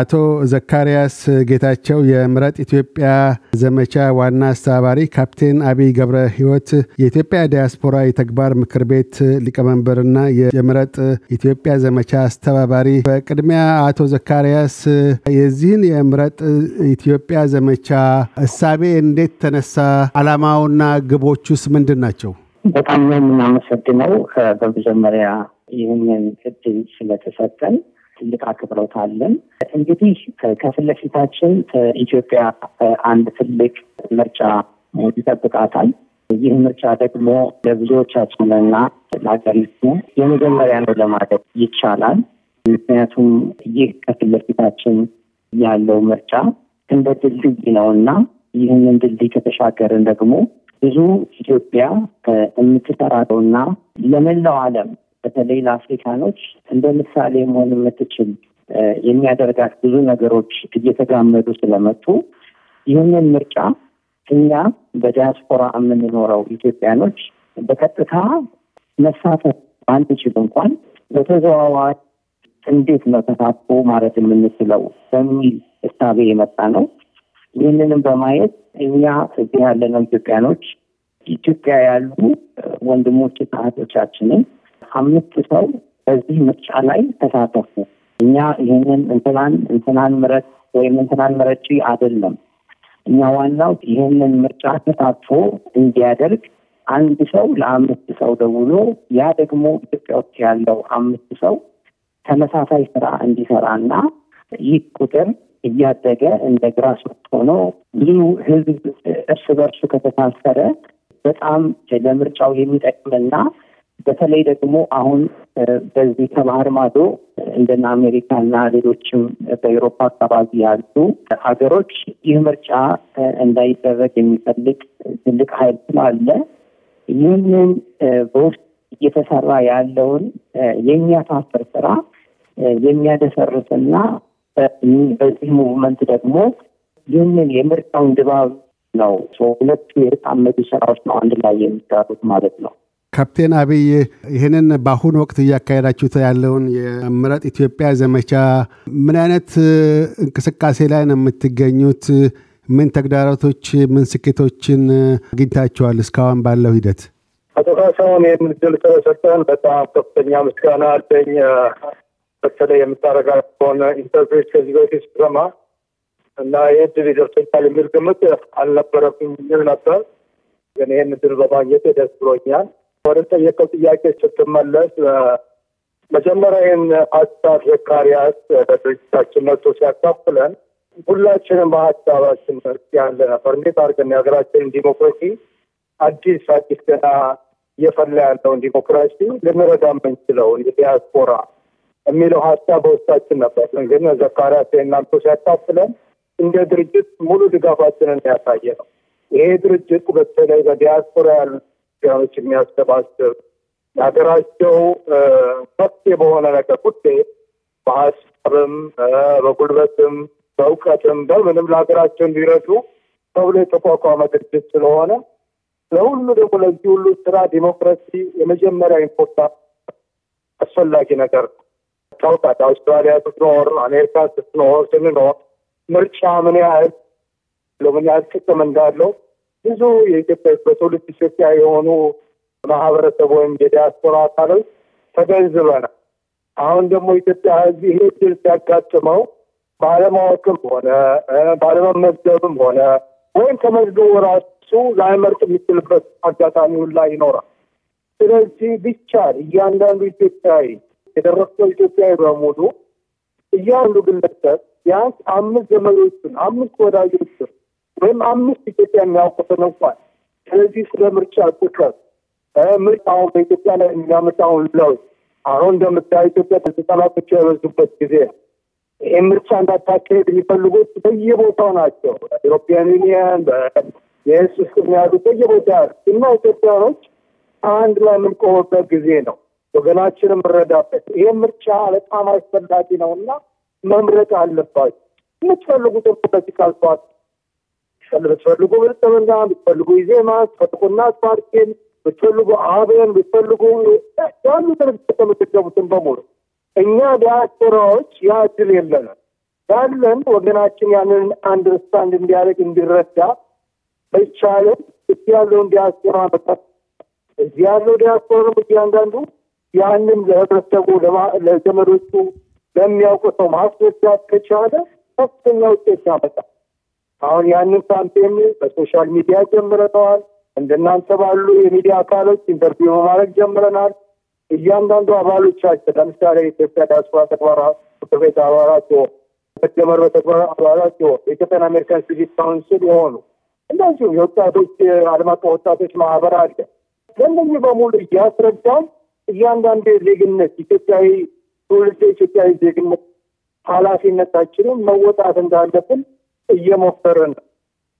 አቶ ዘካርያስ ጌታቸው የምረጥ ኢትዮጵያ ዘመቻ ዋና አስተባባሪ፣ ካፕቴን አብይ ገብረ ህይወት የኢትዮጵያ ዲያስፖራ የተግባር ምክር ቤት ሊቀመንበርና የምረጥ ኢትዮጵያ ዘመቻ አስተባባሪ። በቅድሚያ አቶ ዘካርያስ የዚህን የምረጥ ኢትዮጵያ ዘመቻ እሳቤ እንዴት ተነሳ? አላማውና ግቦቹስ ምንድን ናቸው? በጣም የምናመሰግነው በመጀመሪያ ይህንን እድል ስለተሰጠን ትልቅ አክብሮት አለን። እንግዲህ ከፊት ለፊታችን ኢትዮጵያ አንድ ትልቅ ምርጫ ይጠብቃታል። ይህ ምርጫ ደግሞ ለብዙዎቻችንና ለአገሪቱ የመጀመሪያ ነው ለማለት ይቻላል። ምክንያቱም ይህ ከፊት ለፊታችን ያለው ምርጫ እንደ ድልድይ ነው እና ይህንን ድልድይ ከተሻገርን ደግሞ ብዙ ኢትዮጵያ የምትሰራውና ለመላው ዓለም በተለይ ለአፍሪካኖች እንደ ምሳሌ መሆን የምትችል የሚያደርጋት ብዙ ነገሮች እየተጋመዱ ስለመጡ ይህንን ምርጫ እኛ በዲያስፖራ የምንኖረው ኢትዮጵያኖች በቀጥታ መሳተፍ አንችል እንኳን በተዘዋዋሪ እንዴት ነው ተሳትፎ ማለት የምንችለው በሚል እሳቤ የመጣ ነው። ይህንንም በማየት እኛ እዚህ ያለነው ኢትዮጵያኖች ኢትዮጵያ ያሉ ወንድሞች ሰዓቶቻችንን አምስት ሰው በዚህ ምርጫ ላይ ተሳተፉ። እኛ ይህንን እንትናን እንትናን ምረት ወይም እንትናን ምረጪ አይደለም። እኛ ዋናው ይህንን ምርጫ ተሳትፎ እንዲያደርግ አንድ ሰው ለአምስት ሰው ደውሎ ያ ደግሞ ኢትዮጵያ ውስጥ ያለው አምስት ሰው ተመሳሳይ ስራ እንዲሰራና ይህ ቁጥር እያደገ እንደ ግራስ ሆኖ ብዙ ህዝብ እርስ በርሱ ከተሳሰረ በጣም ለምርጫው የሚጠቅምና በተለይ ደግሞ አሁን በዚህ ከባህር ማዶ እንደነ አሜሪካ እና ሌሎችም በኤሮፓ አካባቢ ያሉ ሀገሮች ይህ ምርጫ እንዳይደረግ የሚፈልግ ትልቅ ኃይል ስላለ ይህንን በውስጥ እየተሰራ ያለውን የሚያሳፍር ስራ የሚያደፈርስና በዚህ ሙቭመንት ደግሞ ይህንን የምርጫውን ድባብ ነው ሁለቱ የተጣመዱ ስራዎች ነው አንድ ላይ የሚጋሩት ማለት ነው። ካፕቴን አብይ ይህንን በአሁኑ ወቅት እያካሄዳችሁት ያለውን የምረጥ ኢትዮጵያ ዘመቻ ምን አይነት እንቅስቃሴ ላይ ነው የምትገኙት? ምን ተግዳሮቶች፣ ምን ስኬቶችን አግኝታችኋል እስካሁን ባለው ሂደት? አቶ ካሳሁን ይህን ድል ስለሰጠን በጣም ከፍተኛ ምስጋና አለኝ። በተለይ የምታረጋቸውን ኢንተርቪዎች ከዚህ በፊት ስሰማ እና ይህ ድል ይደርሰኛል የሚል ግምት አልነበረም የሚል ነበር። ግን ይህን ድል በማግኘት ደስ ብሎኛል። ወደ ጠየቀው ጥያቄ ስትመለስ መጀመሪያ ይህን ሀሳብ ዘካሪያስ በድርጅታችን መጥቶ ሲያካፍለን ሁላችንም በሀሳባችን መርስ ያለ ነበር። እንዴት አድርገን የሀገራችንን ዲሞክራሲ አዲስ አዲስ ገና እየፈላ ያለውን ዲሞክራሲ ልንረዳ የምንችለው ዲያስፖራ የሚለው ሀሳብ በውስጣችን ነበር። ግን ዘካሪያስ ናንቶ ሲያካፍለን እንደ ድርጅት ሙሉ ድጋፋችንን ያሳየ ነው። ይሄ ድርጅት በተለይ በዲያስፖራ ያሉት ኢትዮጵያኖች የሚያሰባስብ የሀገራቸው መፍትሄ በሆነ ነገር ጉዳይ በሀሳብም በጉልበትም በእውቀትም በምንም ለሀገራቸው እንዲረዱ ተብሎ የተቋቋመ ድርጅት ስለሆነ ለሁሉ ደግሞ ለዚህ ሁሉ ስራ ዲሞክራሲ የመጀመሪያ ኢምፖርታ አስፈላጊ ነገር ታውቃት። አውስትራሊያ ስትኖር፣ አሜሪካ ስትኖር ስንኖር ምርጫ ምን ያህል ለምን ያህል ጥቅም እንዳለው ብዙ የኢትዮጵያ በትውልድ ኢትዮጵያ የሆኑ ማህበረሰብ ወይም የዲያስፖራ አካሎች ተገንዝበናል። አሁን ደግሞ ኢትዮጵያ ህዝብ ይሄ ድል ሲያጋጥመው ባለማወቅም ሆነ ባለመመዝገብም ሆነ ወይም ከመዝገቡ ራሱ ላይመርጥ የሚችልበት አጋጣሚ ሁላ ይኖራል። ስለዚህ ቢቻል እያንዳንዱ ኢትዮጵያዊ የደረሰው ኢትዮጵያዊ በሙሉ እያንዱ ግለሰብ ቢያንስ አምስት ዘመዶችን አምስት ወዳጆችን ወይም አምስት ኢትዮጵያ የሚያውቁትን እንኳን። ስለዚህ ስለ ምርጫ ቁጥረት ምርጫው በኢትዮጵያ ላይ የሚያመጣውን ለውጥ አሁን እንደምታየው ኢትዮጵያ ተጠላቶች የበዙበት ጊዜ ይህ ምርጫ እንዳታካሄድ የሚፈልጉት በየቦታው ናቸው። ኢሮፒያን ዩኒየን የህስ ውስጥ የሚያሉ በየቦታ ያሉ እና ኢትዮጵያኖች አንድ ላይ የምንቆምበት ጊዜ ነው። ወገናችን የምረዳበት ይህ ምርጫ በጣም አስፈላጊ ነው እና መምረጥ አለባቸው የምትፈልጉትን ፖለቲካል ፓርቲ ብትፈልጉ ብልጽግና፣ ብትፈልጉ ኢዜማ፣ ብትፈልጉ እናት ፓርቲን፣ ብትፈልጉ አብን፣ ብትፈልጉ ያሉትን የምትገቡትን በሙሉ እኛ ዲያስፖራዎች ያ እድል የለን ያለን ወገናችን ያንን አንደርስታንድ እንዲያደርግ እንዲረዳ አይቻልም። እዚህ ያለውን ዲያስፖራ መጣት እዚህ ያለው ዲያስፖራ እያንዳንዱ ያንን ለህብረተሰቡ፣ ለዘመዶቹ፣ ለሚያውቁ ሰው ማስረዳት ከቻለ ከፍተኛ ውጤት ያመጣል። አሁን ያንን ካምፔን በሶሻል ሚዲያ ጀምረነዋል። እንደናንተ ባሉ የሚዲያ አካሎች ኢንተርቪው በማድረግ ጀምረናል። እያንዳንዱ አባሎቻቸው ለምሳሌ የኢትዮጵያ ዲያስፖራ ተግባራት ምክር ቤት አባላቸው የሆኑ በተግባር አባላቸው የኢትዮጵያን አሜሪካን ሲቪክ ካውንስል የሆኑ እንደዚሁም የወጣቶች ዓለም አቀፍ ወጣቶች ማህበር አለ። ለእነዚህ በሙሉ እያስረዳን እያንዳንዱ ዜግነት ኢትዮጵያዊ ትውልድ ኢትዮጵያዊ ዜግነት ኃላፊነታችንን መወጣት እንዳለብን እየሞከርን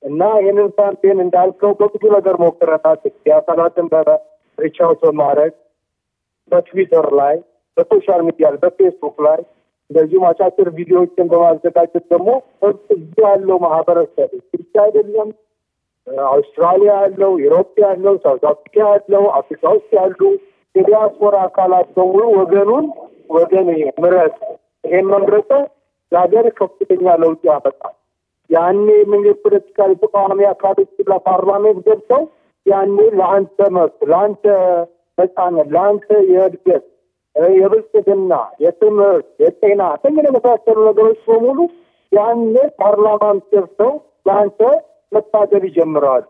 እና ይህንን ካምፔን እንዳልከው በብዙ ነገር ሞክረናል። ያሰናትን በሪቻውት በማድረግ በትዊተር ላይ፣ በሶሻል ሚዲያ በፌስቡክ ላይ እንደዚሁም አጫጭር ቪዲዮዎችን በማዘጋጀት ደግሞ እዚህ ያለው ማህበረሰብ ብቻ አይደለም አውስትራሊያ ያለው፣ ዩሮፕ ያለው፣ ሳውት አፍሪካ ያለው፣ አፍሪካ ውስጥ ያሉ የዲያስፖራ አካላት በሙሉ ወገኑን ወገን ምረጥ፣ ይሄን መምረጠ ለሀገር ከፍተኛ ለውጥ ያመጣል። ያኔ ምን የፖለቲካ የተቃዋሚ አካሎች ለፓርላሜንት ገብተው ያኔ ለአንተ መብት፣ ለአንተ ነጻነት፣ ለአንተ የእድገት፣ የብልጽግና፣ የትምህርት፣ የጤና ተኝ የመሳሰሉ ነገሮች በሙሉ ያኔ ፓርላማን ገብተው ለአንተ መታገል ይጀምራሉ።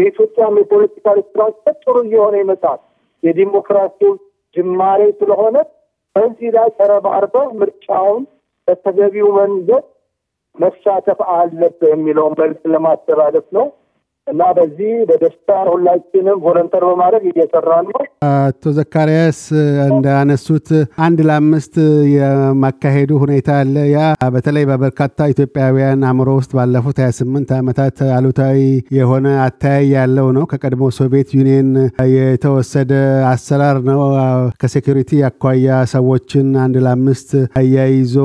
የኢትዮጵያም የፖለቲካ ስትራክቸር ጥሩ እየሆነ ይመጣል። የዲሞክራሲው ጅማሬ ስለሆነ በዚህ ላይ ተረባርበው ምርጫውን በተገቢው መንገድ መሳተፍ አለበት የሚለውን መልስ ለማስተላለፍ ነው እና በዚህ በደስታ ሁላችንም ቮለንተር በማድረግ እየሰራን ነው። አቶ ዘካርያስ እንዳነሱት አንድ ለአምስት የማካሄዱ ሁኔታ አለ። ያ በተለይ በበርካታ ኢትዮጵያውያን አእምሮ ውስጥ ባለፉት 28 ዓመታት አሉታዊ የሆነ አተያይ ያለው ነው። ከቀድሞ ሶቪየት ዩኒየን የተወሰደ አሰራር ነው። ከሴኩሪቲ አኳያ ሰዎችን አንድ ለአምስት አያይዞ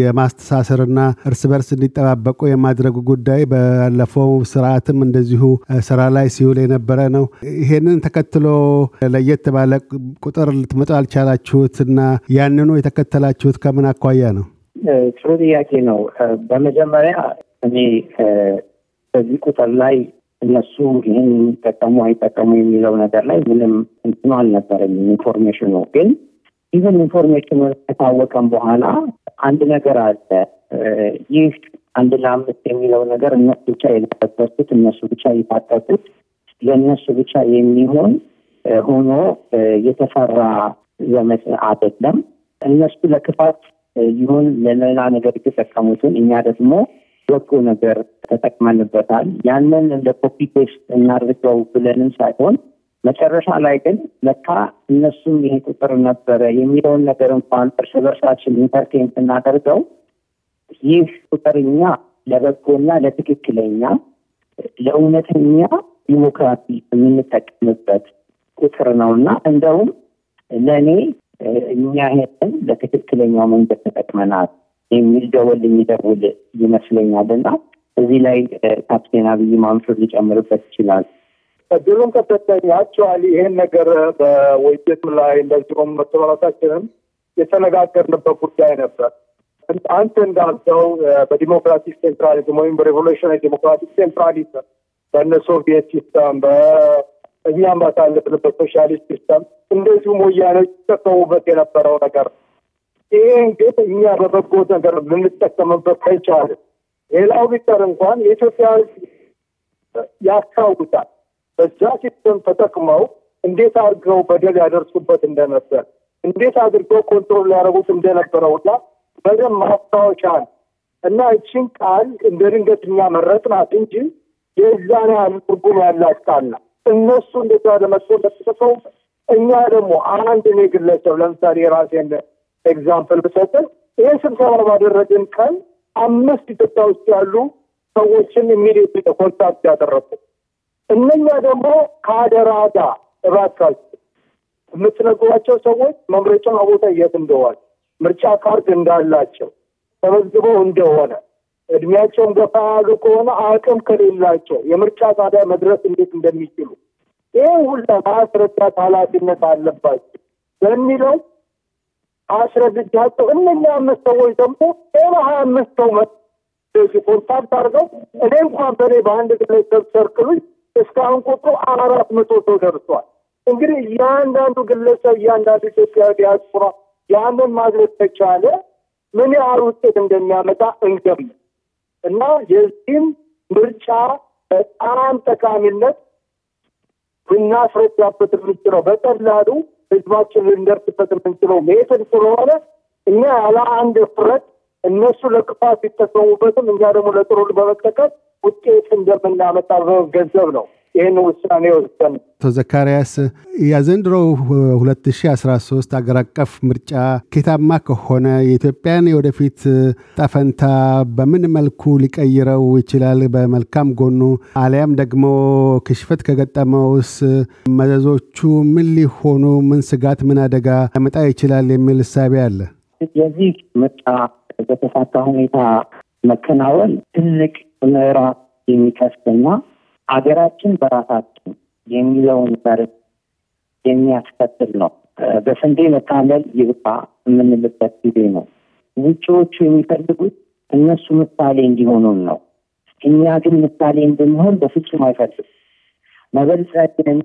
የማስተሳሰርና እርስ በርስ እንዲጠባበቁ የማድረጉ ጉዳይ ባለፈው ስርዓትም እንደዚሁ ስራ ላይ ሲውል የነበረ ነው። ይሄንን ተከትሎ ለየት ባለ ቁጥር ልትመጡ አልቻላችሁት እና ያንኑ የተከተላችሁት ከምን አኳያ ነው? ጥሩ ጥያቄ ነው። በመጀመሪያ እኔ በዚህ ቁጥር ላይ እነሱ ይህን ጠቀሙ አይጠቀሙ የሚለው ነገር ላይ ምንም እንትኖ አልነበረኝም። ኢንፎርሜሽኑ ግን ይህን ኢንፎርሜሽኑ ከታወቀም በኋላ አንድ ነገር አለ። ይህ አንድ ለአምስት የሚለው ነገር እነሱ ብቻ የለበሱት እነሱ ብቻ የታጠቁት ለእነሱ ብቻ የሚሆን ሆኖ የተሰራ ዘመት አይደለም። እነሱ ለክፋት ይሁን ለሌላ ነገር የተጠቀሙትን እኛ ደግሞ በጎ ነገር ተጠቅመንበታል። ያንን እንደ ኮፒ ፔስት እናድርገው ብለንም ሳይሆን መጨረሻ ላይ ግን ለካ እነሱም ይሄ ቁጥር ነበረ የሚለውን ነገር እንኳን እርስ በርሳችን ኢንተርቴን ስናደርገው ይህ ቁጥርኛ ለበጎና ለትክክለኛ ለእውነተኛ ዲሞክራሲ የምንጠቀምበት ቁጥር ነው እና እንደውም ለእኔ እኛ ሄደን በትክክለኛው መንገድ ተጠቅመናል የሚል ደወል የሚደውል ይመስለኛል እና እዚህ ላይ ካፕቴን አብይ ማንሱር ሊጨምርበት ይችላል። እድሉን ከሰጠኝ አክቹዋሊ ይህን ነገር በውይይት ላይ እንደዚሁም መተባራታችንም የተነጋገርንበት ጉዳይ ነበር። አንተ እንዳልከው በዲሞክራቲክ ሴንትራሊዝም ወይም በሬቮሉሽናዊ ዲሞክራቲክ ሴንትራሊዝም በእነ ሶቪየት ሲስተም እኛም ባሳለፍንበት ሶሻሊስት ሲስተም እንደዚሁም ወያኔዎች ይጠቀሙበት የነበረው ነገር ነው። ይሄን ግን እኛ በበጎ ነገር ልንጠቀምበት አይቻልም። ሌላው ቢቀር እንኳን የኢትዮጵያ ያካውታል በዛ ሲስተም ተጠቅመው እንዴት አድርገው በደል ያደርሱበት እንደነበር፣ እንዴት አድርገው ኮንትሮል ያደረጉት እንደነበረውና በደንብ ማስታወሻ እና እችን ቃል እንደ ድንገት እኛ መረጥናት እንጂ የዛን ያህል ትርጉም ያላት ቃል ናት። እነሱ እንደዛ ለመጥቶ እንደተሰጠው እኛ ደግሞ አንድ እኔ ግለሰብ ለምሳሌ የራሴን ኤግዛምፕል ብሰጥን ይህን ስብሰባ ባደረግን ቀን አምስት ኢትዮጵያ ውስጥ ያሉ ሰዎችን ኢሚዲየት ኮንታክት ያደረጉ እነኛ ደግሞ ከአደራ ጋር እባካችሁ የምትነግሯቸው ሰዎች መምረጫ ቦታ የት እንደዋል፣ ምርጫ ካርድ እንዳላቸው ተመዝግበው እንደሆነ እድሜያቸውን ገፋ ያሉ ከሆነ አቅም ከሌላቸው የምርጫ ጣቢያ መድረስ እንዴት እንደሚችሉ ይህ ሁላ ማስረዳት ኃላፊነት አለባቸው በሚለው አስረድቻቸው። እነኛ አምስት ሰዎች ደግሞ ሌላ ሀያ አምስት ሰው ኮንታክት አድርገው እኔ እንኳን በእኔ በአንድ ግለሰብ ሰርክሉኝ እስካሁን ቁጥሩ አራት መቶ ሰው ደርሷል። እንግዲህ እያንዳንዱ ግለሰብ እያንዳንዱ ኢትዮጵያ ዲያስፖራ ያንን ማድረግ ተቻለ ምን ያህል ውጤት እንደሚያመጣ እንገምት። እና የዚህም ምርጫ በጣም ጠቃሚነት ልናስረዳበት የምንችለው በቀላሉ ህዝባችን ልንደርስበት የምንችለው ሜትድ ስለሆነ እኛ ያለ አንድ ፍረት እነሱ ለክፋት ቢጠቀሙበትም እኛ ደግሞ ለጥሩ በመጠቀም ውጤት እንደምናመጣ ገንዘብ ነው። ይህን ውሳኔ ወሰን። አቶ ዘካርያስ የዘንድሮው 2013 አገር አቀፍ ምርጫ ኬታማ ከሆነ የኢትዮጵያን የወደፊት ጠፈንታ በምን መልኩ ሊቀይረው ይችላል? በመልካም ጎኑ አሊያም ደግሞ ክሽፈት ከገጠመውስ መዘዞቹ ምን ሊሆኑ፣ ምን ስጋት፣ ምን አደጋ ሊያመጣ ይችላል የሚል እሳቤ አለ። የዚህ ምርጫ በተሳካ ሁኔታ መከናወን ትልቅ ምዕራፍ የሚከፍትና አገራችን በራሳችን የሚለውን መርህ የሚያስከትል ነው። በስንዴ መታለል ይብቃ የምንልበት ጊዜ ነው። ውጭዎቹ የሚፈልጉት እነሱ ምሳሌ እንዲሆኑን ነው። እኛ ግን ምሳሌ እንድንሆን በፍጹም አይፈልግም። መበልጸግን፣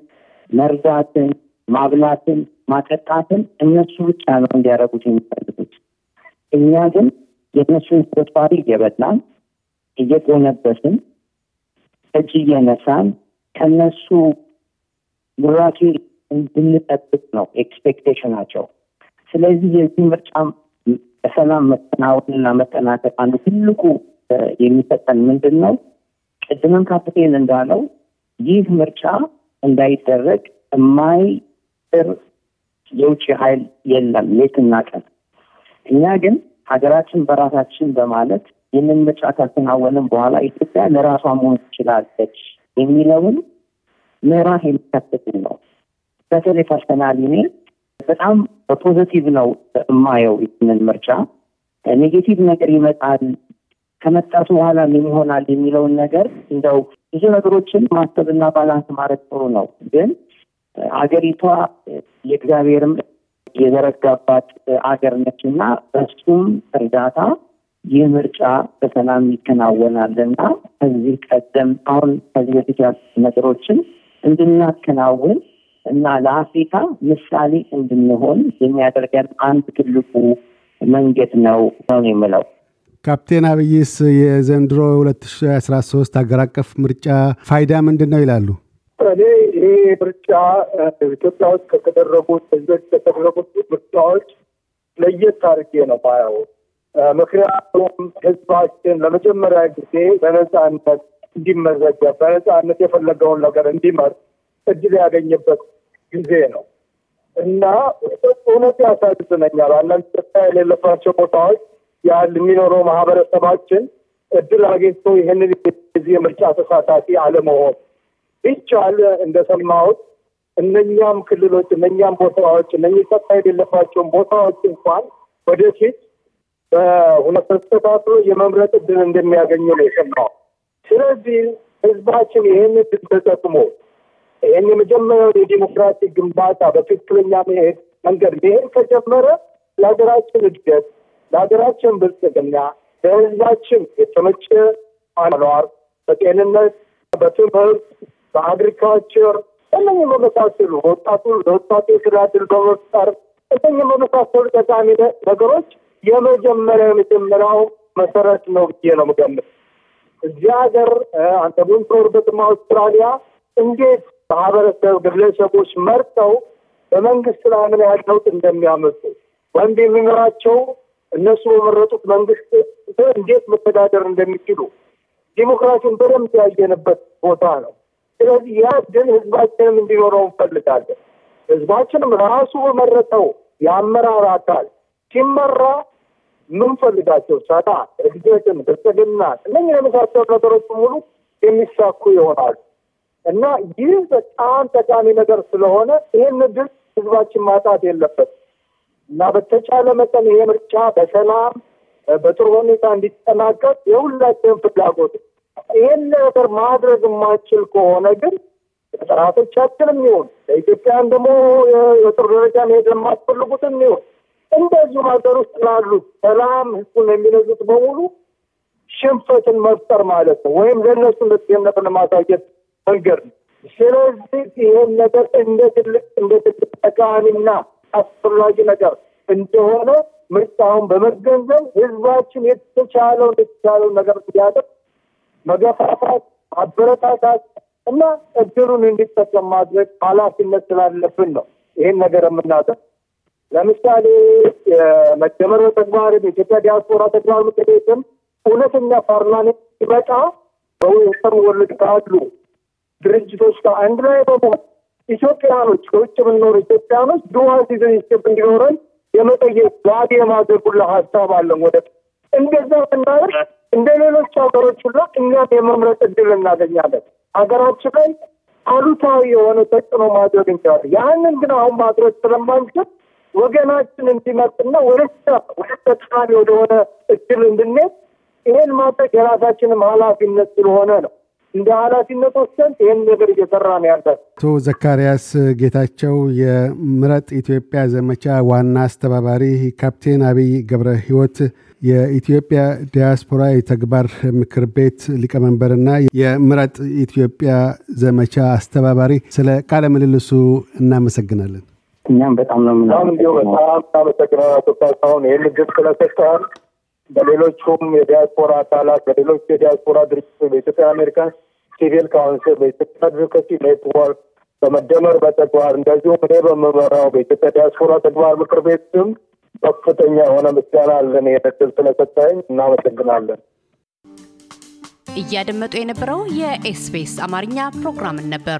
መርዳትን፣ ማብላትን፣ ማጠጣትን እነሱ ብቻ ነው እንዲያደርጉት የሚፈልጉት። እኛ ግን የእነሱን ፍርፋሪ እየበላን እየጎነበስን እጅ እየነሳን ከነሱ ቡራኬ እንድንጠብቅ ነው ኤክስፔክቴሽናቸው። ስለዚህ የዚህ ምርጫ በሰላም መከናወንና መጠናቀቅ አንዱ ትልቁ የሚሰጠን ምንድን ነው? ቅድምም ካፕቴን እንዳለው ይህ ምርጫ እንዳይደረግ ጥር የውጭ ኃይል የለም ሌትና ቀን። እኛ ግን ሀገራችን በራሳችን በማለት ይህንን ምርጫ ካከናወንም በኋላ ኢትዮጵያ ለራሷ መሆን ትችላለች የሚለውን ምዕራፍ የሚከትት ነው። በተለይ ፐርሰናል እኔ በጣም በፖዘቲቭ ነው የማየው ይህንን ምርጫ። ኔጌቲቭ ነገር ይመጣል ከመጣቱ በኋላ ምን ይሆናል የሚለውን ነገር እንደው ብዙ ነገሮችን ማሰብና ባላንስ ማድረግ ጥሩ ነው። ግን አገሪቷ የእግዚአብሔርም የዘረጋባት አገር ነች እና በሱም እርዳታ ይህ ምርጫ በሰላም ይከናወናል ይከናወናልና ከዚህ ቀደም አሁን ከዚህ በፊት ያሉ ነገሮችን እንድናከናውን እና ለአፍሪካ ምሳሌ እንድንሆን የሚያደርገን አንድ ትልቁ መንገድ ነው ነው የምለው። ካፕቴን አብይስ የዘንድሮ ሁለት ሺ አስራ ሶስት ሀገር አቀፍ ምርጫ ፋይዳ ምንድን ነው ይላሉ? እኔ ይሄ ምርጫ ኢትዮጵያ ውስጥ ከተደረጉት ህዝቦች ከተደረጉት ምርጫዎች ለየት አድርጌ ነው ማየው ምክንያቱም ህዝባችን ለመጀመሪያ ጊዜ በነጻነት እንዲመዘገብ በነጻነት የፈለገውን ነገር እንዲመር እድል ያገኝበት ጊዜ ነው እና እውነት ያሳዝነኛል። አንዳንድ ኢትዮጵያ የሌለባቸው ቦታዎች ያህል የሚኖረው ማህበረሰባችን እድል አግኝቶ ይህንን ጊዜ የምርጫ ተሳታፊ አለመሆን ይቻል እንደሰማሁት እነኛም ክልሎች እነኛም ቦታዎች እነ ጸጥታ የሌለባቸውን ቦታዎች እንኳን ወደፊት በሁለት ተስተካክሎ የመምረጥ እድል እንደሚያገኙ ነው የሰማው። ስለዚህ ህዝባችን ይህን እድል ተጠቅሞ ይህን የመጀመሪያውን የዲሞክራሲ ግንባታ በትክክለኛ መሄድ መንገድ መሄድ ከጀመረ ለሀገራችን እድገት፣ ለሀገራችን ብልጽግና፣ ለህዝባችን የተመቸ አኗኗር በጤንነት፣ በትምህርት፣ በአግሪካልቸር እነኝ መመሳሰሉ ወጣቱ ለወጣቱ ስራ እድል በመፍጠር እነኝ መመሳሰሉ ጠቃሚ ነገሮች የመጀመሪያ የመጀመሪያው መሰረት ነው ብዬ ነው ምገምት። እዚህ ሀገር አንተ በምትኖርበትም አውስትራሊያ እንዴት ማህበረሰብ ግለሰቦች መርጠው በመንግስት ላይ ምን ያህል ለውጥ እንደሚያመጡ ወንድ የሚመራቸው እነሱ በመረጡት መንግስት እንዴት መተዳደር እንደሚችሉ ዲሞክራሲን በደንብ ያየንበት ቦታ ነው። ስለዚህ ያ ግን ህዝባችንም እንዲኖረው እንፈልጋለን። ህዝባችንም ራሱ በመረጠው የአመራር አካል ሲመራ ምንፈልጋቸው ሰላ፣ እድገትን፣ ብልጽግና እነኝ የመሳሰሉ ነገሮች ሙሉ የሚሳኩ ይሆናሉ እና ይህ በጣም ጠቃሚ ነገር ስለሆነ ይህን ድል ህዝባችን ማጣት የለበት እና በተቻለ መጠን ይሄ ምርጫ በሰላም በጥሩ ሁኔታ እንዲጠናቀቅ የሁላችንም ፍላጎት። ይህን ነገር ማድረግ የማችል ከሆነ ግን ጠላቶቻችንም ይሁን ለኢትዮጵያን ደግሞ የጥሩ ደረጃ መሄድ የማስፈልጉትም ይሁን እንደዚሁም ሀገር ውስጥ ላሉ ሰላም ህዝቡን የሚነዙት በሙሉ ሽንፈትን መፍጠር ማለት ነው፣ ወይም ለእነሱ መጤነት ለማሳየት መንገድ ነው። ስለዚህ ይህን ነገር እንደ ትልቅ እንደ ትልቅ ጠቃሚና አስፈላጊ ነገር እንደሆነ ምርጫውን በመገንዘብ ህዝባችን የተቻለውን የተቻለውን ነገር እንዲያደርግ መገፋፋት፣ አበረታታት እና እድሉን እንዲጠቀም ማድረግ ኃላፊነት ስላለብን ነው ይህን ነገር የምናደርግ ለምሳሌ የመደመር ተግባር የኢትዮጵያ ዲያስፖራ ተግባር ምክር ቤትም እውነተኛ ፓርላሜንት ሲመጣ በዌስተር ወርልድ ካሉ ድርጅቶች ጋር አንድ ላይ በመሆን ኢትዮጵያኖች ከውጭ የምንኖሩ ኢትዮጵያኖች ዱዋል ሲቲዝንሽፕ እንዲኖረን የመጠየቅ ዋድ የማድረጉላ ሀሳብ አለን። ወደ እንደዛ ስናደርግ እንደ ሌሎች ሀገሮች ሁላ እኛም የመምረጥ እድል እናገኛለን። ሀገራችን ላይ አሉታዊ የሆነ ተጽዕኖ ማድረግ እንችላለን። ያንን ግን አሁን ማድረግ ስለማንችል ወገናችን እንዲመጥና ወደ ወደ ተቃራኒ ወደሆነ እድል እንድንሄድ ይሄን ማድረግ የራሳችንም ኃላፊነት ስለሆነ ነው። እንደ ኃላፊነት ወሰን ይህን ነገር እየሰራ ነው ያለ አቶ ዘካርያስ ጌታቸው የምረጥ ኢትዮጵያ ዘመቻ ዋና አስተባባሪ፣ ካፕቴን አብይ ገብረ ህይወት የኢትዮጵያ ዲያስፖራ የተግባር ምክር ቤት ሊቀመንበርና የምረጥ ኢትዮጵያ ዘመቻ አስተባባሪ፣ ስለ ቃለ ምልልሱ እናመሰግናለን። እኛም በጣም ነው ምናም ይህን ግብ ስለሰጠዋል። በሌሎቹም የዲያስፖራ አካላት በሌሎች የዲያስፖራ ድርጅቶች በኢትዮጵያ አሜሪካን ሲቪል ካውንስል በኢትዮጵያ አድቮካሲ ኔትወርክ በመደመር በተግባር እንደዚሁም እኔ በምመራው በኢትዮጵያ ዲያስፖራ ተግባር ምክር ቤት ስም ከፍተኛ የሆነ ምስጋና አለን። ይህን እድል ስለሰጠኝ እናመሰግናለን። እያደመጡ የነበረው የኤስፔስ አማርኛ ፕሮግራምን ነበር።